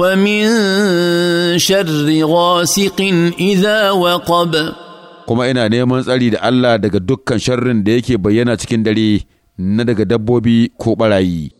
ومن شر غاسق إذا وقب kuma ina neman tsari da Allah daga dukkan sharrin da yake bayyana cikin dare na daga dabbobi ko ɓarayi.